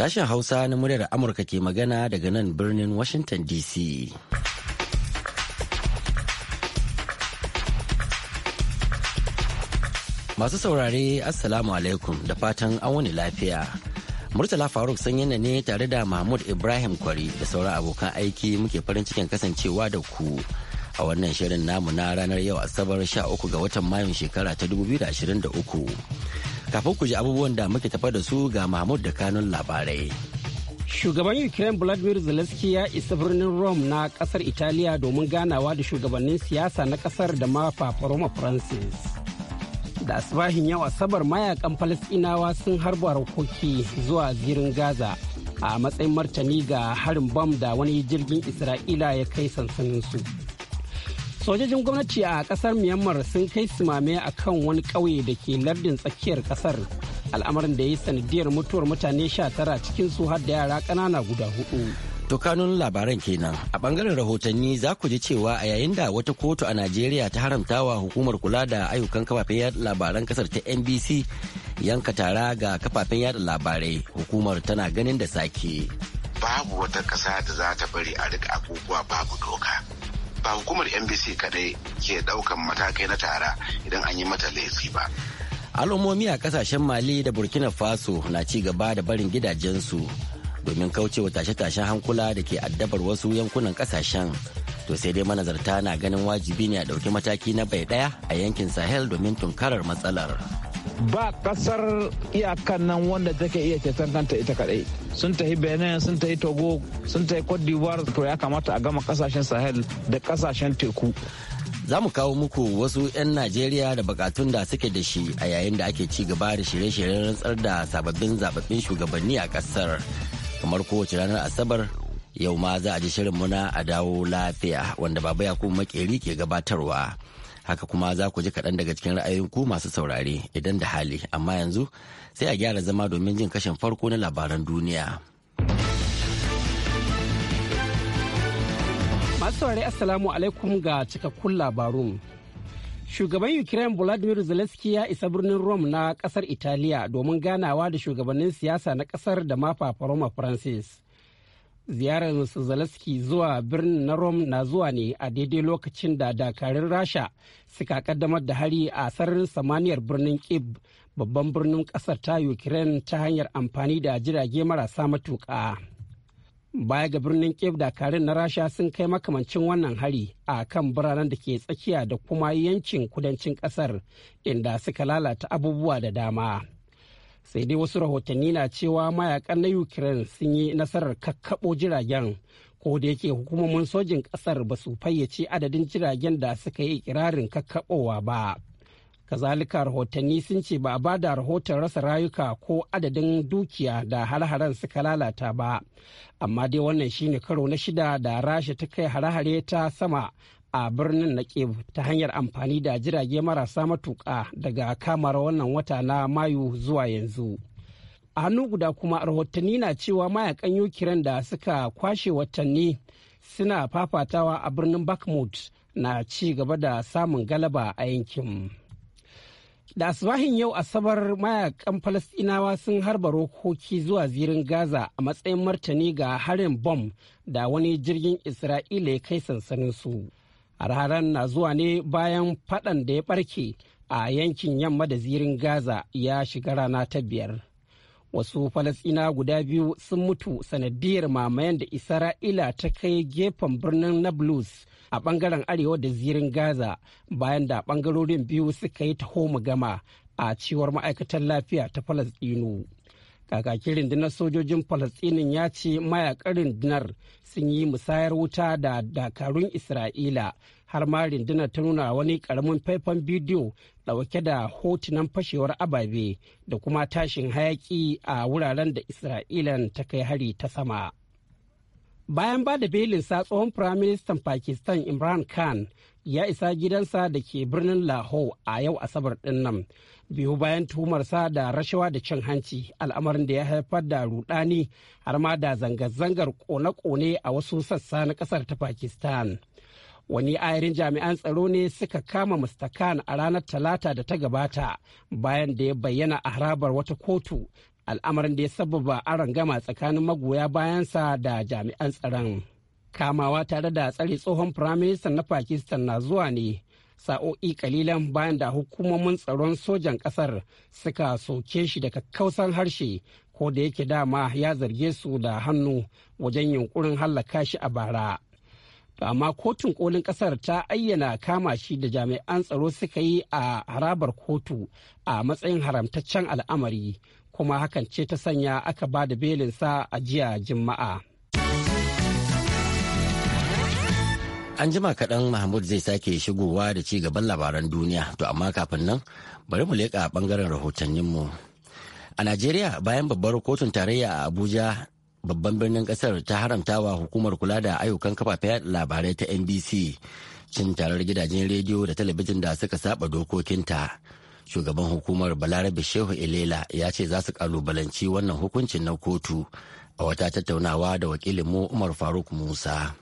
Sashen Hausa na muryar Amurka ke magana daga nan birnin Washington DC. Masu saurare Assalamu alaikum da fatan an wani lafiya. Murtala Faruk yana ne tare da Mahmud Ibrahim Kwari da sauran abokan aiki muke farin cikin kasancewa da ku. a wannan shirin namu na ranar yau asabar 13 ga watan mayun shekara ta 2023 Kafin ku ji abubuwan da muke tafa da su ga Mahmud da kanun labarai. Shugaban Ukraine Vladimir Zelensky ya isa birnin Rome na kasar Italiya domin ganawa da shugabannin siyasa na kasar da ma Roma Francis. Da asibahin yau Asabar mayakan Falasɗinawa sun harba harkoki zuwa zirin Gaza a matsayin martani ga harin bam da wani jirgin Isra'ila ya kai sansaninsu. su. sojojin gwamnati a kasar myanmar sun kai simame a kan wani ƙauye da ke lardin tsakiyar kasar al'amarin da ya yi sanadiyar mutuwar mutane sha tara cikin su har da yara ƙanana guda hudu To labaran kenan a bangaren rahotanni za ku ji cewa a yayin da wata kotu a Najeriya ta haramtawa hukumar kula da ayyukan kafafen yada labaran kasar ta NBC yanka tara ga kafafen yada labarai hukumar tana ganin da sake. Babu wata ƙasa da za ta bari a rika abubuwa babu doka. ba hukumar NBC kadai ke daukan matakai na tara idan an yi mata laifi ba. Al'ummomi a kasashen Mali da Burkina Faso na ci gaba da barin gidajensu domin kaucewa tashe-tashen hankula da ke addabar wasu yankunan kasashen. To sai dai manazarta na ganin wajibi ne a ɗauki mataki na bai ɗaya a yankin Sahel domin tunkarar matsalar. ba kasar iyakan nan wanda take iya ceton kanta ita kadai sun tafi benin sun tafi togo sun tafi cote d'ivoire to ya kamata a gama kasashen sahel da kasashen teku za mu kawo muku wasu 'yan najeriya da bukatun da suke da shi a yayin da ake ci gaba da shirye-shiryen rantsar da sababbin zababbin shugabanni a kasar kamar kowace ranar asabar yau ma za a ji shirin muna a dawo lafiya wanda baba yakubu makeri ke gabatarwa haka kuma za ku ji kaɗan daga cikin ra'ayin ku masu saurare idan da hali amma yanzu sai a gyara zama domin jin kashin farko na labaran duniya masu saurari assalamu alaikum ga cikakkun labarun shugaban ukraine vladimir zelensky ya isa birnin rome na kasar italiya domin ganawa da shugabannin siyasa na kasar da ma francis ziyarar zelensky zuwa birnin na rome na zuwa ne a daidai lokacin da dakarun rasha suka kaddamar da hari a sararin samaniyar birnin kib babban birnin kasar ta ukraine ta hanyar amfani da jirage marasa matuƙa baya ga birnin kib dakarun na rasha sun kai makamancin wannan hari a kan biranen da ke tsakiya da kuma yankin kudancin kasar inda suka lalata abubuwa da dama sai dai wasu rahotanni na cewa mayakan na ukraine sun yi nasarar kakkaɓo jiragen ko da yake hukumomin sojin kasar ba su fayyace adadin jiragen da suka yi ikirarin kakkaɓowa ba kazalika rahotanni sun ce ba a ba da rahoton rasa rayuka ko adadin dukiya da har suka lalata ba amma dai wannan shine karo na shida da rasha ta kai hare-hare ta sama a birnin na ta hanyar amfani da jirage marasa matuƙa daga kamar wannan wata na mayu zuwa yanzu a hannu guda kuma rahotanni na cewa mayakan yukiran da suka kwashe watanni suna fafatawa a birnin bakmut na ci gaba da samun galaba a yankin da asibahin yau asabar mayakan falasɗinawa sun harba rokoki zuwa zirin gaza a matsayin martani ga harin bom da wani jirgin isra'ila ya kai sansaninsu har na zuwa ne bayan faɗan da ya ɓarke a yankin yamma da zirin Gaza ya shiga rana ta biyar. Wasu Falasina guda biyu sun mutu sanadiyar mamayen da Isra'ila ta kai gefen birnin Nablus a ɓangaren arewa da zirin Gaza bayan da ɓangarorin biyu suka yi taho mu gama a cewar ma'aikatar lafiya ta Falasɗinu. kakakin rundunar sojojin falastinin ya ce mayakan rundunar sun yi musayar wuta da dakarun isra'ila har ma rundunar ta nuna wani karamin faifan bidiyo dauke da hotunan fashewar ababe da kuma tashin hayaki a wuraren da isra'ilan ta kai hari ta sama bayan ba da belinsa tsohon firaministan pakistan imran khan ya isa gidansa da ke birnin lahore a yau asabar din nan biyu bayan tuhumarsa da rashawa da cin hanci al'amarin da ya haifar da rudani har ma da zanga-zangar kone-kone a wasu sassa na kasar ta pakistan wani ayarin jami'an tsaro ne suka kama Mr. Khan a ranar talata da ta gabata bayan da ya bayyana a harabar wata kotu al'amarin da ya sababa aron gama tsakanin magoya bayansa da jami'an tsaron kamawa tare da tsare tsohon firaministan na pakistan na zuwa ne sa'o'i kalilan bayan da hukumomin tsaron sojan kasar suka soke shi daga kausan harshe ko da yake dama ya zarge su da hannu wajen yunkurin hallaka shi a bara amma kotun kolin kasar ta ayyana kama shi da jami'an tsaro suka yi a harabar kotu a matsayin haramtaccen al'amari kuma hakan ce ta sanya aka ba da belinsa a jiya Juma'a. An jima kaɗan Mahmud zai sake shigowa da ci gaban labaran duniya, to amma kafin nan bari mu leƙa ɓangaren rahotanninmu. A Najeriya bayan babbar kotun tarayya a Abuja babban birnin ƙasar ta haramtawa hukumar kula da ayyukan kafafen labarai ta NBC cin tarar gidajen rediyo da talabijin da suka saba dokokinta. shugaban hukumar balarabe shehu elela ya ce za su kalubalanci wannan hukuncin na kotu a wata tattaunawa da wakilinmu umar faruk musa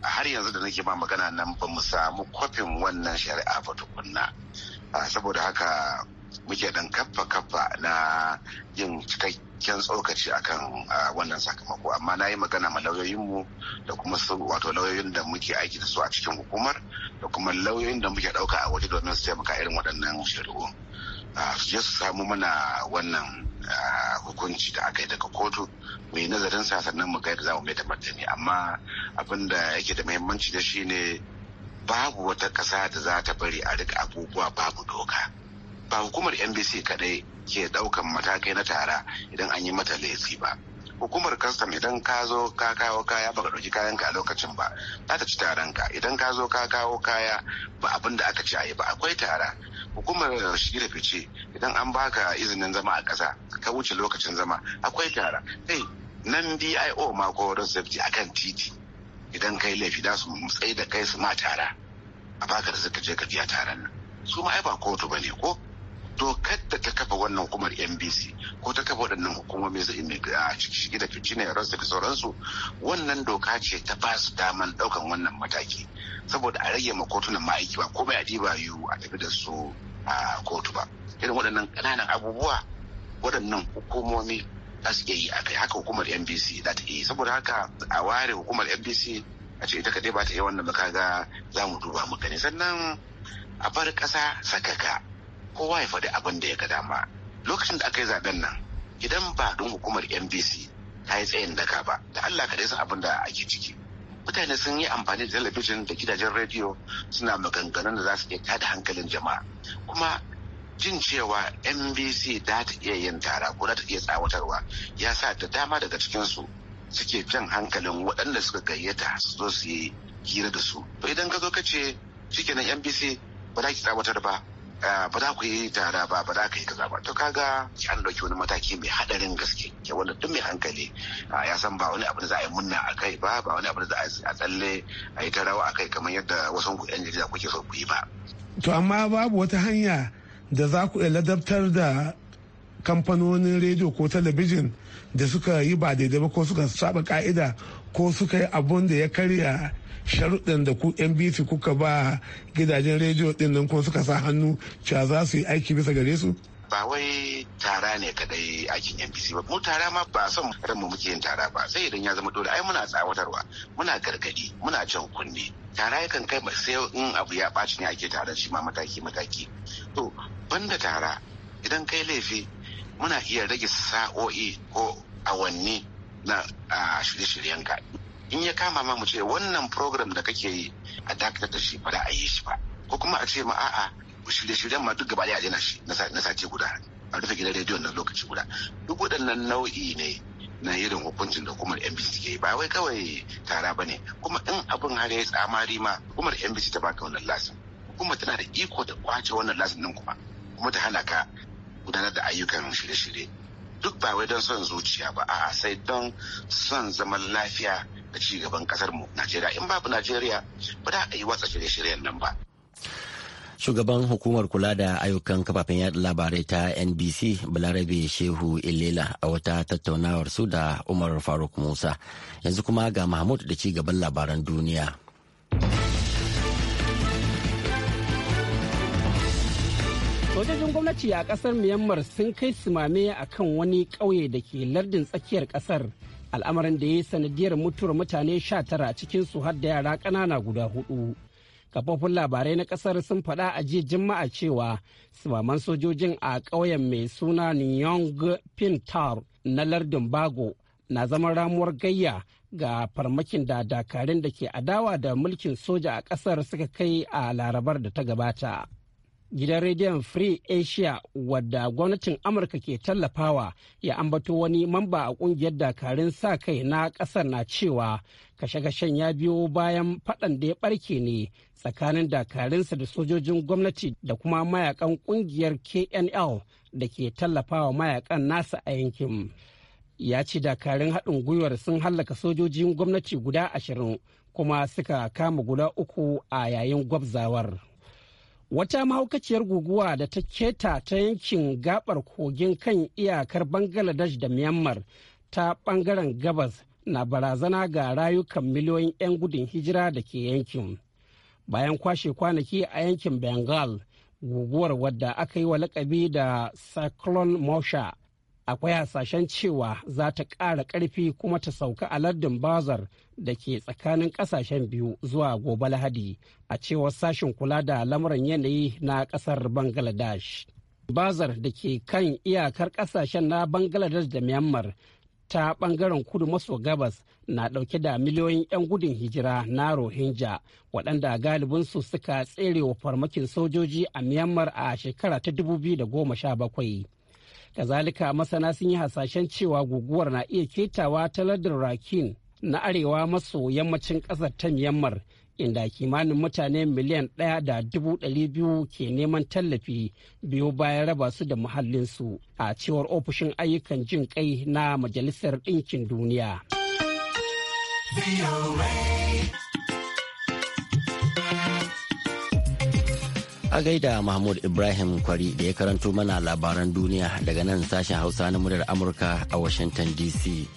har yanzu da nake ba magana nan ba mu samu kwafin wannan shari'a ba tukunna ah, saboda haka muke dan kaffa kaffa na yin cikakken tsokaci akan wannan sakamako amma na yi magana ma lauyoyinmu da kuma wato lauyoyin da muke aiki da su a cikin hukumar da kuma lauyoyin da muke ɗauka a waje domin su taimaka irin waɗannan shari'u su je su samu mana wannan hukunci da aka yi daga kotu mu nazarin sa sannan mu ga yadda za mu mai da martani amma abin da yake da muhimmanci da shi ne babu wata ƙasa da za ta bari a rika abubuwa babu doka ba hukumar NBC kadai ke daukan matakai na tara idan an yi mata laifi ba. hukumar kastam idan ka zo ka kawo kaya baka ɗauki kayan ka a lokacin ba za ta ci taron ka idan ka zo ka kawo kaya ba abin da aka ci a yi ba akwai tara hukumar shi da fice idan an baka izinin zama a ƙasa ka wuce lokacin zama akwai tara Hey, nan dio ma ko road safety akan titi idan kai laifi da su tsaye da kai su ma tara a baka da suka je ka biya taron nan su ma ai ba kotu ba ne, ko dokar da ta kafa wannan hukumar NBC ko ta kafa waɗannan hukumomi zai za a ciki da fici ne rasu da sauransu wannan doka ce ta ba su daman ɗaukan wannan mataki saboda a rage ma kotunan ma'aiki ba ko bai a diba yiwu a tafi da su a kotu ba irin waɗannan ƙananan abubuwa waɗannan hukumomi za su iya yi a kai haka hukumar NBC za ta yi saboda haka a ware hukumar NBC a ce ita kadai ba ta iya wannan ba kaga za mu duba mu gani sannan a bar ƙasa sakaka kowa ya faɗi abin da ya ga dama lokacin da aka yi zaben nan idan ba don hukumar NBC ta yi tsayin daka ba da Allah kaɗai san abin da ake ciki mutane sun yi amfani da talabijin da gidajen rediyo suna maganganun da za su iya tada hankalin jama'a kuma jin cewa NBC za ta iya yin tara ko za ta iya tsawatarwa ya sa da dama daga cikinsu suke jan hankalin waɗanda suka gayyata su zo su yi hira da su to idan ka zo ka ce shikenan NBC ba za ki tsawatar ba Eh, ba za ku yi tara ba ba za ka yi kaza ba to kaga an ɗauki wani mataki mai haɗarin gaske ke wanda duk mai hankali eh, ya san ba wani abu da za a yi munna a kai ba ba wani abu da za a tsalle a yi tarawa a kai kamar yadda wasu ku yan jarida kuke so ku yi ba. to amma babu wata hanya da za ku ladabtar da kamfanonin rediyo ko talabijin da suka yi ba daidai ba ko suka saba ka'ida ko suka yi abun da ya karya sharuɗin da ku nbc kuka ba gidajen rediyo ɗin nan kuma suka sa hannu cewa za su yi aiki bisa gare su ba wai tara ne kadai aikin nbc ba mu tara ma ba son ran mu muke yin tara ba sai idan ya zama dole ai muna tsawatarwa muna gargadi muna jan kunne tara yakan kai ba sai in abu ya ɓaci ne ake tara shi ma mataki mataki to banda tara idan kai laifi muna iya rage sa'o'i ko awanni na shirye-shiryenka in ya kama ma mu ce wannan program da kake yi a dakatar da shi ba da a yi shi ba ko kuma a ce ma a'a shirye-shiryen ma duk gaba a daina shi na sace guda a rufe gidan rediyon na lokaci guda duk waɗannan nau'i ne na irin hukuncin da hukumar NBC ke ba wai kawai tara ba ne kuma in abin har ya tsamari ma hukumar NBC ta baka wannan lasin hukumar tana da iko da kwace wannan lasin nan kuma kuma ta hana ka gudanar da ayyukan shirye-shirye duk ba wai don son zuciya ba a sai don son zaman lafiya da ci gaban kasar mu Najeriya in babu Najeriya ba da a yi watsa shirye-shiryen nan ba. Shugaban hukumar kula da ayyukan kafafen yada labarai ta NBC Balarabe Shehu Ilela a wata tattaunawar su da Umar Faruk Musa. Yanzu kuma ga Mahmud da ci gaban labaran duniya. Sojojin gwamnati a kasar Myanmar sun kai simame a kan wani ƙauye da ke lardin tsakiyar kasar al'amarin da ya yi sanadiyar mutuwar mutane sha tara cikin su har da yara ƙanana guda hudu. Kafofin labarai na kasar sun faɗa a jiya Juma'a cewa simaman sojojin a ƙauyen mai suna Nyong Pintar na lardin Bago na zama ramuwar gayya ga farmakin da dakarun da ke adawa da mulkin soja a ƙasar suka kai a larabar da ta gabata. gidan rediyon free asia wadda gwamnatin amurka ke tallafawa ya ambato wani mamba a kungiyar dakarun sa kai na kasar na cewa kashe-kashen ya biyo bayan faɗan da ya ɓarke ne tsakanin dakarunsa da sojojin gwamnati da kuma mayakan kungiyar knl da ke tallafawa mayakan nasa a yankin ya ce dakarun haɗin gwiwar sun hallaka sojojin gwamnati guda ashirin kuma suka kama guda uku a yayin gwabzawar. wata mahaukaciyar guguwa da ta keta ta yankin gabar kogin kan iyakar bangladesh da myanmar ta bangaren gabas na barazana ga rayukan miliyoyin 'yan gudun hijira da ke yankin bayan kwashe kwanaki a yankin bengal guguwar wadda aka yi wa lakabi da cyclone mosha akwai hasashen cewa za ta ƙara ƙarfi kuma ta sauka a lardin bazar da ke tsakanin ƙasashen biyu zuwa gobe lahadi a cewar sashen kula da lamuran yanayi na ƙasar bangladesh bazar da ke kan iyakar ƙasashen na bangladesh da myanmar ta bangaren kudu maso gabas na dauke da miliyoyin 'yan gudun hijira na rohingya waɗanda galibin su suka tsere wa farmakin sojoji a myanmar a shekara ta 2017 Kazalika masana sun yi hasashen cewa guguwar na iya ketawa ta ladin rakin na arewa maso yammacin kasar ta Myanmar inda kimanin mutane miliyan ɗaya da dubu ɗari biyu ke neman tallafi biyu bayan raba su da muhallinsu a cewar ofishin ayyukan jin kai na majalisar ɗinkin duniya. a gaida Mahmud Ibrahim Kwari da ya karanto mana labaran duniya daga nan sashen Hausa na muryar Amurka a Washington DC.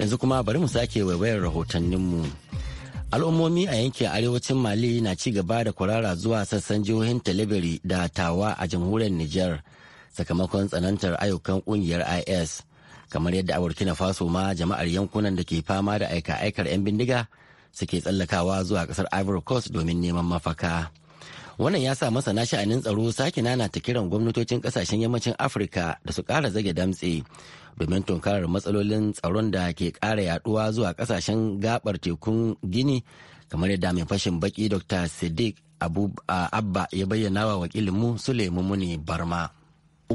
Yanzu kuma bari mu sake waiwayar rahotanninmu. Al'ummomi a yankin arewacin Mali na ci gaba da kwarara zuwa sassan jihohin Talibiri da Tawa a jamhuriyar Nijar sakamakon tsanantar ayyukan kungiyar IS. Kamar yadda a Burkina Faso ma jama'ar yankunan da ke fama da aika-aikar 'yan bindiga suke tsallakawa zuwa kasar ivory coast domin neman mafaka wannan ya sa masana sha'anin tsaro sake ta kiran gwamnatocin kasashen yammacin afirka da su kara zage damtse domin tunkarar matsalolin tsaron da ke kara yaduwa zuwa kasashen gabar tekun gini kamar yadda mai fashin baki dr sadiq abba ya bayyana wa wakilinmu lemu muni barma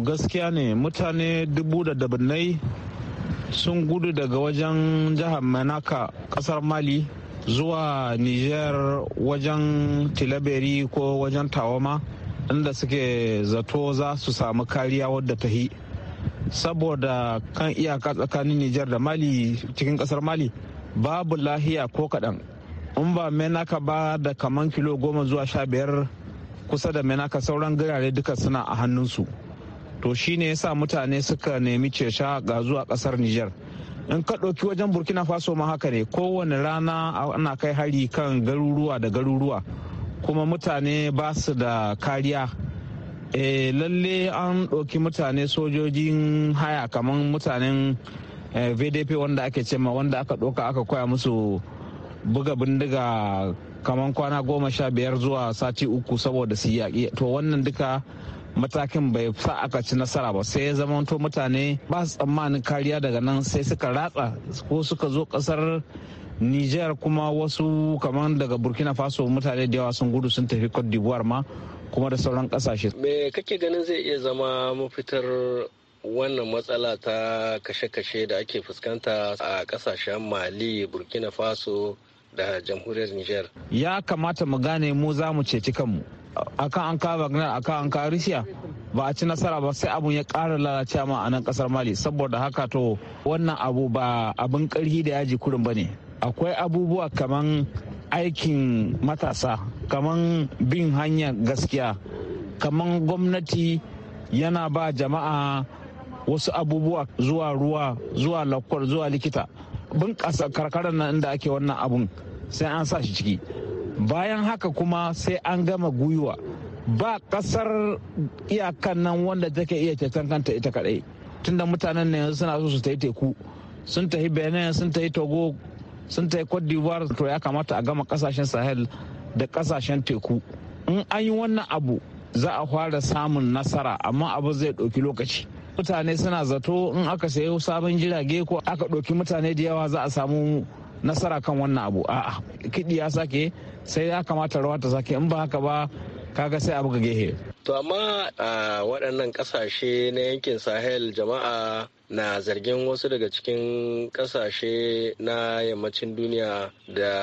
gaskiya ne mutane dubu da dabinai sun gudu daga wajen jihar manaka kasar mali zuwa niger wajen tilaberi ko wajen tawama inda suke zato za su samu kariya wadda ta hi saboda kan iyaka tsakanin niger da mali cikin kasar mali babu lahiya ko kaɗan in ba menaka ba da kaman kilo goma zuwa sha biyar kusa da menaka sauran girare duka suna a hannunsu to shine sa mutane suka nemi cesha ga zuwa kasar niger in ka ɗauki wajen burkina faso ma haka ne kowane rana ana kai hari kan garuruwa da garuruwa kuma mutane ba su da kariya e, lalle an ɗauki mutane sojojin haya kamar mutanen eh, vdp wanda ake cema wanda aka ɗauka aka koya musu buga bindiga kamar kwana goma sha biyar zuwa sati uku saboda su yaƙi to wannan duka matakin bai sa aka ci nasara ba sai ya zamanto mutane ba su tsammanin kariya daga nan sai suka ratsa ko suka zo kasar niger kuma wasu kamar daga burkina faso mutane da yawa sun gudu sun tafi cote d'ivoire ma kuma da sauran kasashe me kake ganin zai iya zama mafitar wannan matsala ta kashe-kashe da ake fuskanta a kasashen mali burkina faso da jamhuriyar niger ya kamata mu gane mu za mu ceci kanmu akan an kawo wagner akan an kawo russia ba a ci nasara ba sai abun ya ƙara lalacewa ma a nan ƙasar mali saboda haka to wannan abu ba abin ƙarfi da yaji kurin ba ne akwai abubuwa kaman aikin matasa kaman bin hanya gaskiya kaman gwamnati yana ba jama'a wasu abubuwa zuwa ruwa zuwa lakwar zuwa likita bunƙasa karkarar nan inda ake wannan abun sai an sa shi ciki bayan haka kuma sai an gama gwiwa ba kasar iyakan nan wanda take iya ceton kanta ita kadai tunda mutanen ne yanzu suna so su tafi teku sun tafi benin sun tafi togo sun tafi cote d'ivoire to ya kamata a gama kasashen sahel da kasashen teku in an yi wannan abu za a fara samun nasara amma abu zai ɗauki lokaci mutane suna zato in aka sayo sabon jirage ko aka ɗauki mutane da yawa za a samu nasara kan wannan abu a'a kiɗi ya sake sai ya kamata rawa ta sake in ba haka ba kaga sai abu ga gehe to amma a waɗannan ƙasashe na yankin sahel jama'a na zargin wasu daga cikin ƙasashe na yammacin duniya da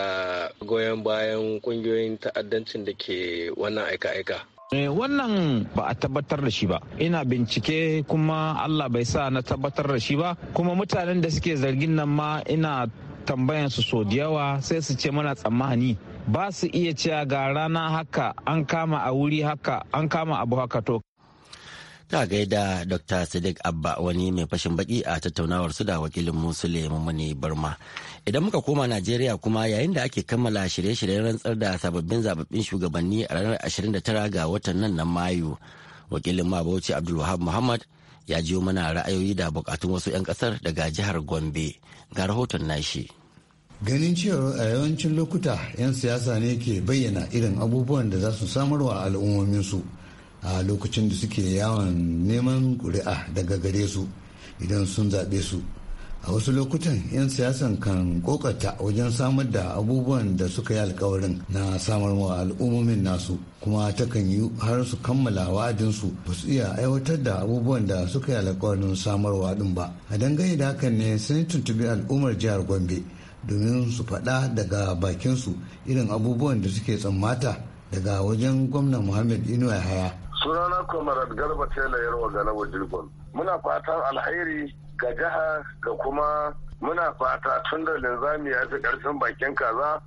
goyon bayan ƙungiyoyin ta'addancin da ke wannan aika-aika eh, wannan ba a tabbatar da shi ba ina bincike kuma allah bai sa na tabbatar da shi ba kuma mutanen da suke zargin nan ma ina tambayan su so da yawa sai su ce mana tsammani ba su iya cewa ga rana haka an kama a wuri haka an kama abu haka to ta gaida dr sadiq abba wani mai fashin baki a tattaunawar su da wakilin musule mummuni barma idan muka koma najeriya kuma yayin da ake kammala shirye-shiryen rantsar da sababbin zababbin shugabanni a ranar 29 ga watan nan na mayu wakilin mabauchi abdulwahab muhammad ya jiyo mana ra'ayoyi da bukatun wasu 'yan kasar daga jihar gombe ga rahoton nashi ganin cewa a yawancin lokuta 'yan siyasa ne ke bayyana irin abubuwan da za su samarwa al'ummominsu a lokacin da suke yawon neman ƙuri'a daga gare su idan sun zaɓe su a wasu lokutan 'yan siyasan kan kokata wajen samar da abubuwan da suka yi alkawarin na samar wa al'ummomin nasu kuma takan yi har su kammala wa'adinsu ba su iya aiwatar da abubuwan da suka yi alkawarin samarwa din ba a dangane da hakan ne sun tuntubi al'ummar jihar gombe domin su faɗa daga bakinsu irin abubuwan da suke tsammata daga wajen gwamnan muhammad inuwa haya sunana comrade garba tela yarwa ga na wajirgon muna fatan alheri ga jiha ga kuma muna fata tun da linzami ya fi ƙarfin bakin kaza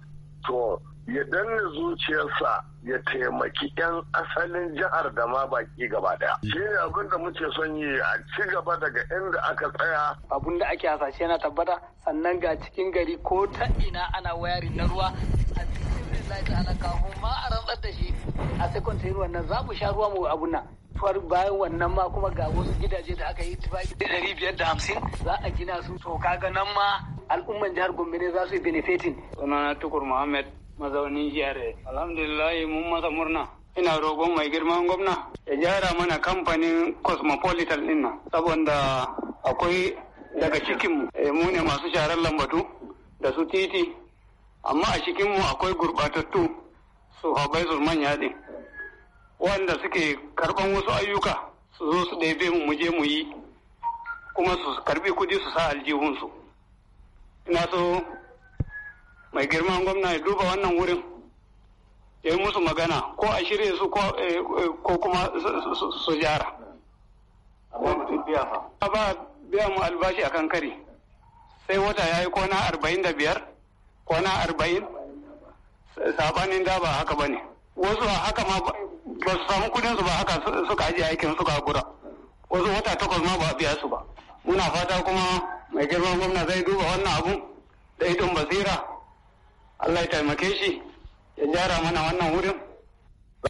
to ya danna zuciyarsa ya taimaki 'yan asalin jihar da ma baki gaba daya shi ne abin da muke son yi a ci gaba daga inda aka tsaya abin da ake hasashe yana tabbata sannan ga cikin gari ko ta ina ana wayarin na ruwa a cikin lalata ana kafin ma a rantsar da shi a sekon ta yi ruwa, nan za mu sha ruwa mu abun nan tuwar bayan wannan ma kuma ga wasu gidaje da aka yi tufafi 550 za a gina su to kaga nan ma al'umman jihar gombe ne za su yi benefitin sunana tukur muhammad mazaunin jihar alhamdulillah mun masa murna ina rogon mai girman gwamna ya gyara mana kamfanin cosmopolitan ina. saboda akwai daga cikinmu eh, mu ne masu sharar lambatu da su titi amma a cikinmu akwai gurɓatattu su habai zulman yaɗi wanda suke karɓan wasu ayyuka su zo su ɗebe mu muje mu yi kuma su karɓi kudi su sa aljihunsu ina so mai girman gwamna ya duba wannan wurin ya yi musu magana ko a shirya su eh, ko kuma su jara ba biya mu albashi kan kari sai wata ya yi kona arba'in da biyar kona arba'in sabanin da ba haka ba ne wasu a haka ma ba su samu kudin su ba haka suka ajiye aikin suka gura wasu wata takwas ma ba a biya su ba muna fata kuma mai girman gwamna zai duba wannan abu da idon basira Allah ya taimake shi ya gyara mana wannan wurin.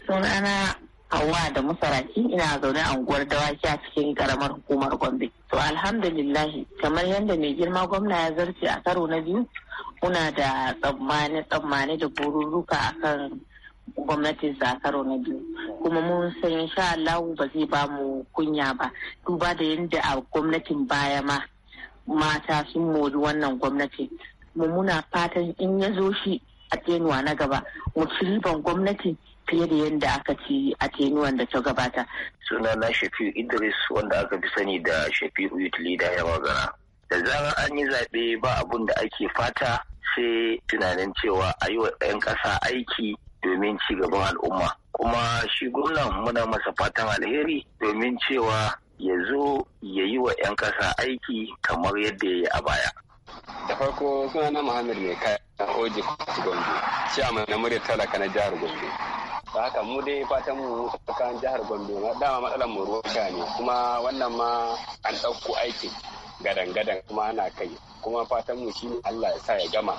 Sunana Hauwa da Musaraki ina zaune a unguwar dawaki a cikin karamar hukumar Gombe. To alhamdulillahi kamar yadda mai girma gwamna ya zarce a karo na biyu muna da tsammani tsammani da bururuka akan gwamnatin a karo na biyu kuma mun san insha Allah ba zai ba mu kunya ba duba da yadda a gwamnatin baya ma mata sun mori wannan gwamnati mu muna fatan in ya zo shi a tenuwa na gaba mu ci riban gwamnati fiye da yadda aka ci a tenuwan da ta gabata. Suna na shafi'u idris wanda aka fi sani da shafi'u youth leader ya magana da zarar an yi zaɓe ba abun da ake fata sai tunanin cewa a yi wa 'yan ƙasa aiki domin ci gaban al'umma kuma shi gwamnan muna masa fatan alheri domin cewa ya zo ya yi wa 'yan ƙasa aiki kamar yadda ya yi a baya Da farko suna na Muhammad mai kai na Oji Gombe, ciyama na murya talaka na jihar Gombe. Da haka mu dai fatan mu tsakanin jihar Gombe na dama matsalar mu ruwa sha ne kuma wannan ma an ɗauko aiki gadan-gadan kuma ana kai kuma fatan mu shi Allah ya sa ya gama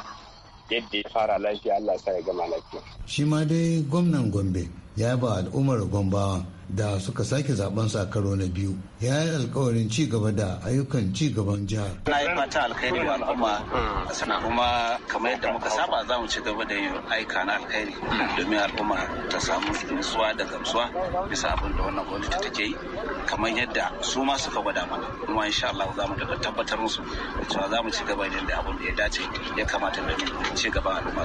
yadda ya fara lafiya Allah ya sa ya gama lafiya. Shi ma dai gwamnan Gombe ya ba al'ummar Gombawa da suka sake zaben sa karo na biyu ya yi alkawarin ci gaba da ayyukan ci gaban jihar. Na yi fata alkhairi wa al'umma suna kuma kamar yadda muka saba za mu ci gaba da yin aika na alkhairi domin al'umma ta samu nutsuwa da gamsuwa bisa abin da wannan gwamnati take yi kamar yadda su ma suka gwada mana kuma insha Allah za mu tabbatar musu cewa za mu ci gaba da abin da ya dace ya kamata da ci gaba al'umma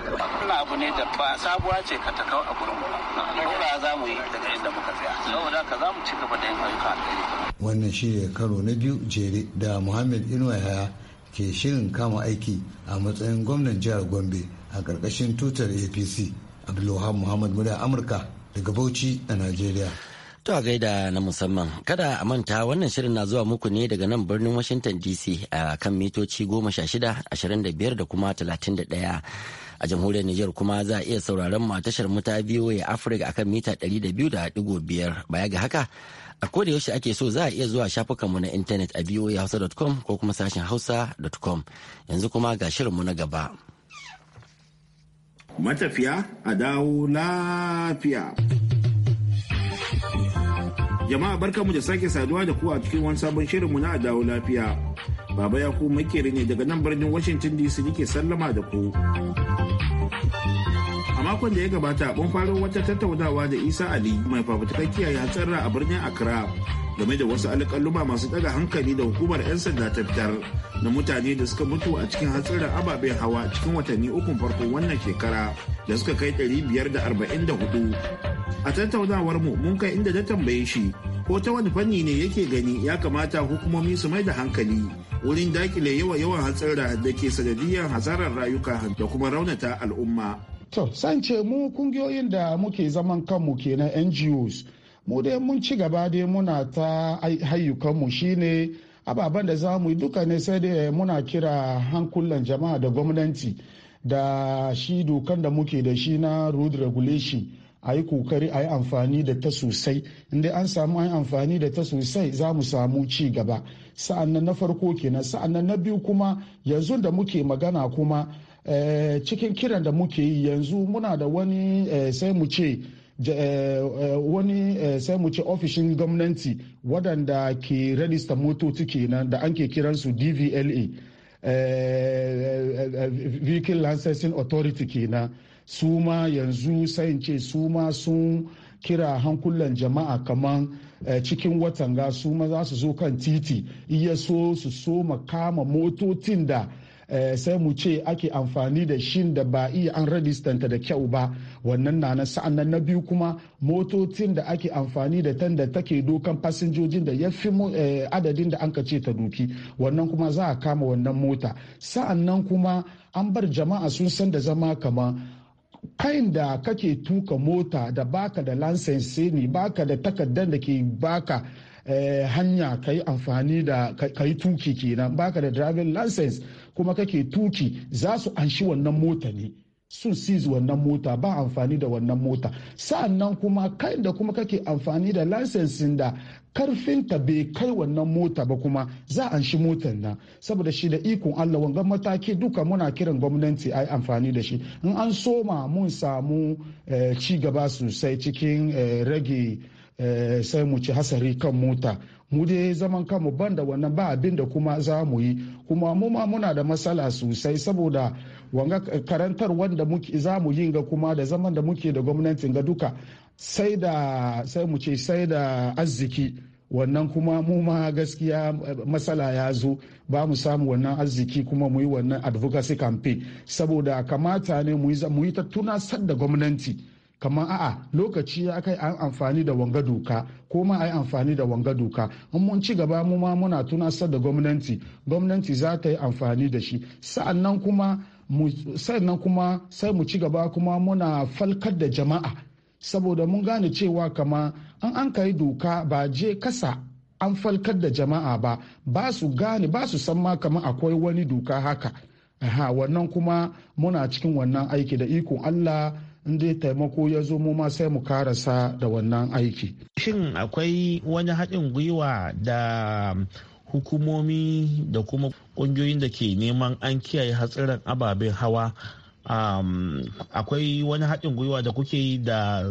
abu ne da ba sabuwa ce ka ta kawo a gurin mu. Ba za mu yi daga inda muka tsaya. saboda haka za ci gaba da yin ayyuka karo na biyu jere da muhammad inuwa yaya ke shirin kama aiki a matsayin gwamnan jihar gombe a karkashin tutar apc abdulwahab muhammad muda amurka daga bauchi a nigeria. To a gaida na musamman kada a manta wannan shirin na zuwa muku ne daga nan birnin Washington DC a kan mitoci goma sha shida ashirin da biyar da kuma talatin da daya. a jamhuriyar Nijar kuma za a iya sauraron mu a tashar mu ta VOA Africa akan mita 200.5 baya ga haka a koda yaushe ake so za a iya zuwa shafukan mu na intanet a voahausa.com ko kuma sashen hausa.com yanzu kuma ga shirin mu na gaba matafiya a dawo lafiya jama'a barkanmu da sake saduwa da ku a cikin wani sabon shirinmu na a dawo lafiya Baba ya ku ne daga nan birnin Washington DC yake sallama da ku. A makon da ya gabata mun faro wata tattaunawa da Isa Ali mai fafutukar kiyaye hatsarra a birnin Accra game da wasu alƙaluma masu daga hankali da hukumar 'yan sanda ta fitar na mutane da suka mutu a cikin hatsarin ababen hawa cikin watanni ukun farko wannan shekara da suka kai 544. A tattaunawar mu mun kai inda na tambaye shi ko ta wani fanni ne yake gani ya kamata hukumomi su mai da hankali wurin dakile yawa-yawan hatsara da ke sanadiyar hasarar rayuka da kuma raunata al'umma. To, sance mu kungiyoyin da muke zaman kanmu kenan NGOs, mu dai mun ci gaba dai muna ta hayyukanmu shine ababen da za mu yi duka ne sai dai muna kira hankulan jama'a da gwamnati da shi dokan da muke da shi na road regulation a yi kokari a yi amfani da ta sosai inda an samu a yi amfani da ta sosai za mu samu ci gaba sa'annan na farko kenan sa'annan na biyu kuma yanzu da muke magana kuma eh, cikin kiran da muke yi yanzu muna da wani eh, sai mu ce eh, wani sai mu ce ofishin gwamnati waɗanda ke rajista motoci kenan da an ke kiransu dvla vehicle licensing authority kenan su ma yanzu sai ce su ma sun kira hankulan jama'a kamar eh, cikin watan ga su ma za su zo kan titi iya so su so kama motocin da eh, sai mu ce ake amfani da shin da ba iya an rajistanta da kyau ba wannan na na sa'annan na biyu kuma motocin da ake amfani da tanda take dokan fasinjojin da ya fi eh, adadin da an ka ce ta doki wannan kuma za a kama wannan mota sa'annan kuma an bar jama'a sun san da zama kama kain da kake tuka mota da baka da lansense ne baka da takardar da ke baka eh, hanya ka yi amfani da ka yi tuki kenan baka da driving license kuma kake tuki za su anshi wannan mota ne sun seize wannan mota ba amfani da wannan mota sa'annan kuma kai da kuma kake amfani da lansensin da ta bai kai wannan mota ba kuma za a shi motar nan saboda shi da ikon allah wangan mataki duka muna kiran gwamnati a amfani da shi in an soma mun samu eh, ci gaba sosai cikin eh, rage eh, sai mu ci hasari kan mota mu dai zaman kanmu ban da wannan ba abin da kuma za mu yi kuma mu ma muna da matsala sosai saboda wanga karantar wanda muke za mu yin ga kuma da zaman da muke da gwamnatin ga duka sai da sai mu ce sai da arziki wannan kuma mu ma gaskiya matsala ya zo ba mu samu wannan arziki kuma mu yi wannan advocacy campaign saboda kamata ne mu yi ta tunasar da gwamnati kamar a'a lokaci ya kai an amfani da wanga doka ko ma ai amfani da wanga doka in mun ci gaba mu ma muna tunasar da gwamnati gwamnati za ta yi amfani da shi sa'annan kuma sannan kuma sai mu ci gaba kuma muna falkar da jama'a saboda mun gane cewa kama an an kai doka ba je kasa an falkar da jama'a ba ba su gane ba su san ma kama akwai wani doka haka ha wannan kuma muna cikin wannan aiki da ikon allah dai taimako ya zo mu ma sai mu karasa da wannan aiki shin akwai wani haɗin gwiwa da hukumomi da kuma kungiyoyin da ke neman an kiyaye hatsarin ababen hawa um, akwai wani haɗin gwiwa da kuke yi da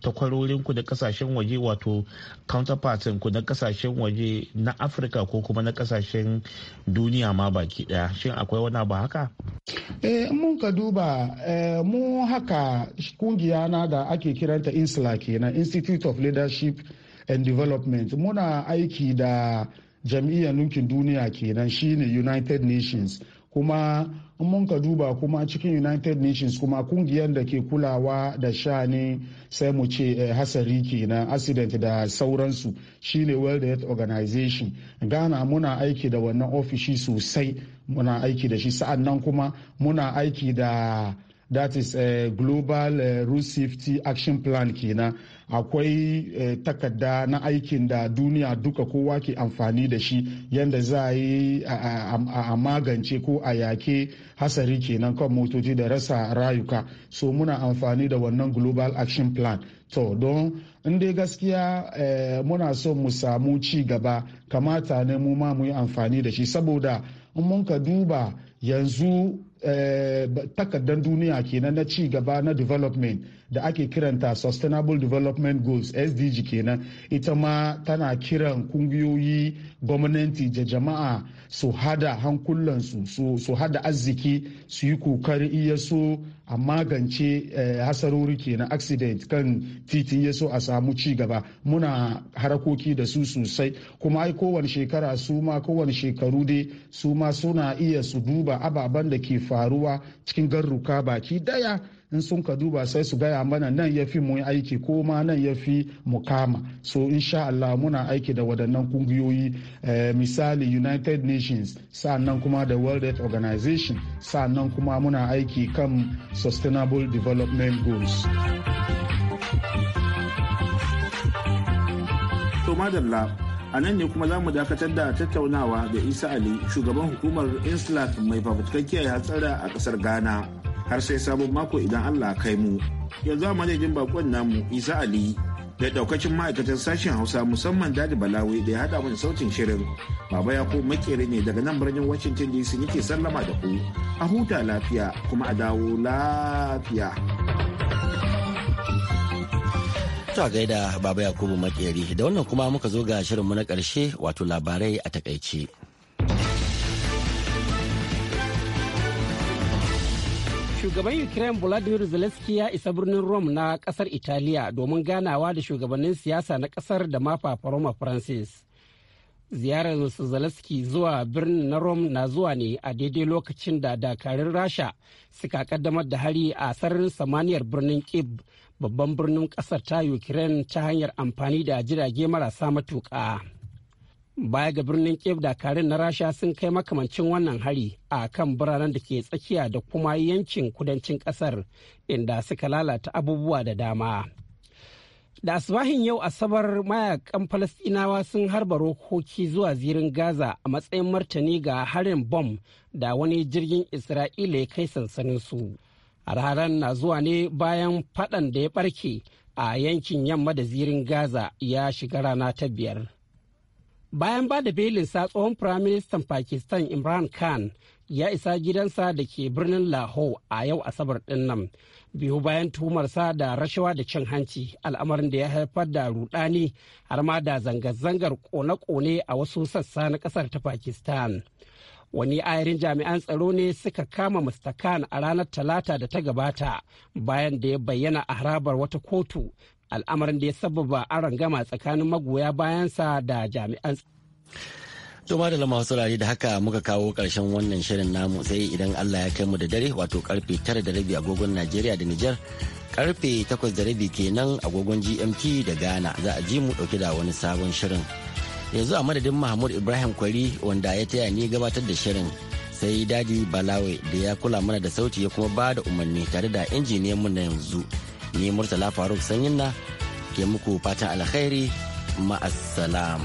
takwarorinku da kasashen waje wato counterpartin ku na kasashen waje na afirka ko kuma na kasashen duniya ma baki ɗaya shin akwai wani abu haka eh mun ka duba eh, mu haka kungiya na da ake kiranta insula kenan institute of leadership and development muna aiki da jam'iyyar ninkin duniya kenan shine united nations kuma mun ka duba kuma cikin united nations kuma kungiyar da ke kulawa da sha ne sai mu ce eh, hasari kenan accident da sauransu shine world health organization ghana muna aiki da wannan ofishi sosai muna aiki da shi sa'an nan kuma muna aiki da that is a eh, global uh, eh, road safety action plan kenan akwai uh, takarda na aikin da duniya duka kowa ke amfani da shi yadda za a yi a magance ko a yake hasari kenan kan motoci da rasa rayuka so muna amfani da wannan global action plan to don dai gaskiya muna son mu samu ci gaba kamata ne mu ma mu yi amfani da shi saboda mun ka duba yanzu Eh, takardar duniya kenan na ci gaba na development da ake kiranta sustainable development goals sdg kenan ita ma tana kiran kungiyoyi gwamnati da jama'a su hada hankulansu su hada arziki su yi kokari iya so a magance eh, hasarori na accident kan titi ya so a samu ci gaba muna harakoki da su sosai kuma ai kowane shekara su ma kowane shekaru dai su ma suna iya su duba ababen da ke faruwa cikin garruka baki daya in sun ka duba sai su gaya mana nan ya fi mu aiki ko ma nan ya fi mu kama so insha Allah muna aiki da waɗannan kungiyoyi eh, misali United Nations sa'annan kuma da World Health Organization sa'annan kuma muna aiki kan Sustainable Development Goals. To a nan ne kuma za mu dakatar da tattaunawa da Isa Ali shugaban hukumar insulat mai kiyaye hatsara a ƙasar Ghana. har sai sabon mako idan Allah kai mu. Yanzu a madadin bakon namu Isa Ali da daukacin ma'aikatan sashen Hausa musamman Dadi Balawi da ya haɗa mana sautin shirin. Baba Yakubu ko makere ne daga nan birnin Washington DC nake sallama da ku. A huta lafiya kuma a dawo lafiya. Ta gaida Baba Yakubu Makeri da wannan kuma muka zo ga shirin mu na ƙarshe wato labarai a takaice. Shugaban Ukraine Volodymyr Zelensky ya isa birnin Rome na kasar Italiya domin ganawa da shugabannin siyasa na kasar da mafa Roma Francis. Ziyarar zelenski zuwa birnin na Rome na zuwa ne a daidai lokacin da dakarun Rasha suka kaddamar da hari a sararin samaniyar birnin Kib, babban birnin kasar ta Ukraine ta hanyar amfani da jirage marasa matuka. baya ga birnin kiev dakarun na rasha sun kai makamancin wannan hari a kan biranen da ke tsakiya da kuma yankin kudancin kasar inda suka lalata abubuwa da dama da asibahin yau asabar mayakan falastinawa sun harba rokoki zuwa zirin gaza a matsayin martani ga harin bom da wani jirgin isra'ila ya kai sansaninsu harharen na zuwa ne bayan faɗan da ya ɓarke a yankin yamma da zirin gaza ya shiga rana ta biyar bayan ba da belinsa tsohon firaministan pakistan imran khan ya isa gidansa da ke birnin lahore a yau asabar din nan biyu bayan tumarsa da rashawa da cin hanci al'amarin da ya haifar da rudani har ma da zanga-zangar kone-kone a wasu sassa na kasar ta pakistan wani ayarin jami'an tsaro ne suka kama Mr. Khan a ranar talata da ta gabata bayan da ya bayyana a harabar wata kotu al'amarin da ya sababa gama tsakanin magoya bayansa da jami'an To da lama saurare da haka muka kawo karshen wannan shirin namu sai idan Allah ya kai mu da dare wato karfe tara da rabi agogon Najeriya da Nijar karfe takwas rabi kenan agogon GMT da Ghana za a ji mu dauke da wani sabon shirin. Yanzu a madadin Mahmud Ibrahim Kwari wanda ya taya ni gabatar da shirin sai Dadi Balawe da ya kula mana da sauti ya kuma ba da umarni tare da injiniyan mu na yanzu. ni murtala faruk sanyin na ke muku fatan alkhairi ma'asalam.